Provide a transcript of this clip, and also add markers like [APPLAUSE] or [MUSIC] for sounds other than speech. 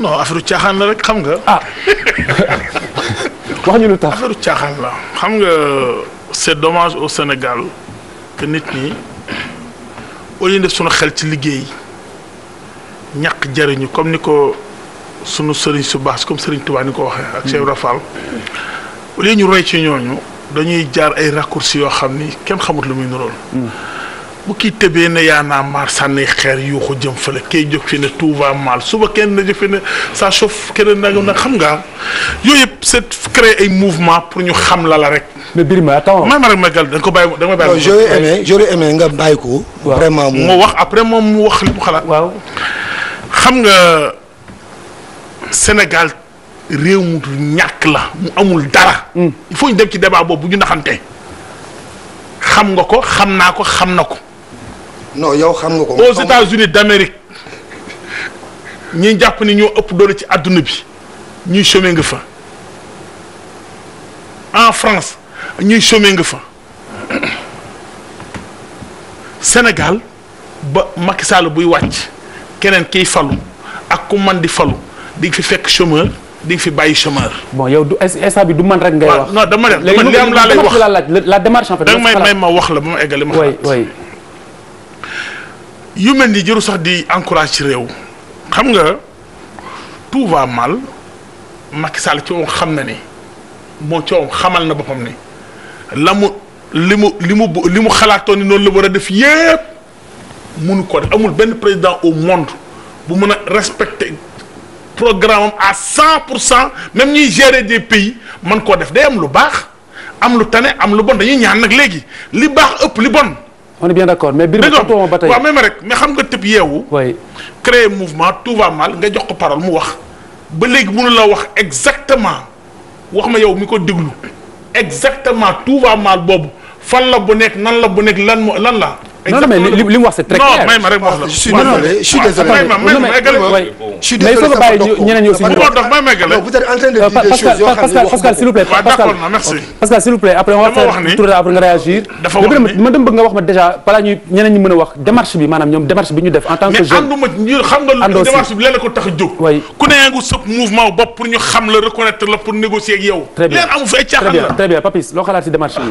non affaire caaxaan la rek xam nga. ah [LAUGHS] wax ñu lu tax caaxaan la xam nga c'est domage au Sénégal que nit ñi au lieu def sunu xel ci liggéey ñàkk jariñu comme ni ko sunu sëriñ su baax comme sëriñ Tuubaa ni ko waxee. ak Cheikh Rafal au ñu roy ci ñooñu dañuy jaar ay raccourcis yoo xam ni kenn xamut lu muy niróol. Hmm. bu kii tëbee ne yaa naa maar sànni xeer yuuxu jëm fële kay jóg fi ne tout va mal suba kenn na jëfe ne ça chauffe keneen nag nag xam nga yooyu yëpp c'est créer ay mouvement pour ñu xam la la rek. mais Birima attends ma rek ma gal da ko bàyyi da nga bàyyi. j'aurais aimé nga bàyyi ko. vraiment mu wax après moom mu wax li mu xalaat. waaw xam nga Sénégal réew mu ñàkk la mu amul dara. Mm. il faut ñu dem ci débat boobu bu ñu naxante. xam nga ko xam naa ko xam na ko. non yow xam nga ko. aux États-Unis d'Amérique ñi jàpp ni ñoo ëpp doole ci àdduna bi ñuy chômer nga fa en France ñuy chômer nga fa Sénégal ba Macky Sall buy wàcc keneen kiy falu ak ku man di falu di nga fi fekk chômeur di nga fi bàyyi chômeur. bon yow du instant bi du man rek. ngay wax non dama dem li am laa lay wax la démarche en fait. may ma wax la ba ma eggali ma. yu mel ni jëru sax di encourage ci réew xam nga tout va mal Macky Sall ci moom xam na ni moo ci moom xamal na boppam ni la mu li mu li mu li mu xalaatoon ni noonu la war a def yépp munu ko def amul benn président au monde bu mën a respecter programme am à cent pour cent même ñuy gérer des pays man koo def day am lu baax am lu tane am lu bon dañuy ñaan léegi li baax ëpp li bon on est bien d'accord mais biir ma ba tey waaw même rek mais xam nga tëb yeewu. oui créer mouvement tout va mal nga jox ko parole mu wax. ba léegi mënu la wax exactement wax ma yow mi ko déglu exactement tout va mal boobu fan la bu nekk nan la bu nekk lan lan la. non mais li li mu wax c'est très clair. non ma rek ma wax la. je suis désolé je suis désolé. je suis désolé sama dox ñeneen ñoo si ñu dox vous êtes en train de euh, dire des choses yoo xam ne Pascal s'il vous plaît. waaw d'accord non merci. Pascal s'il vous plaît après on va faire tour après nga réagir. dafa wax ni man dama bëgg nga wax ma déjà balaa ñuy ñeneen ñi mën a wax démarche bi maanaam ñoom démarche bi ñu def en tant que jeune. mais ànduma xam nga lu démarche bi la ko tax a jóg. oui ku ne ngu sëb mouvement bopp pour ñu xam la reconnaître la pour négocier ak yow. très bien leen amu fee caaxaan la très bien Papis loo xalaat si démarche bi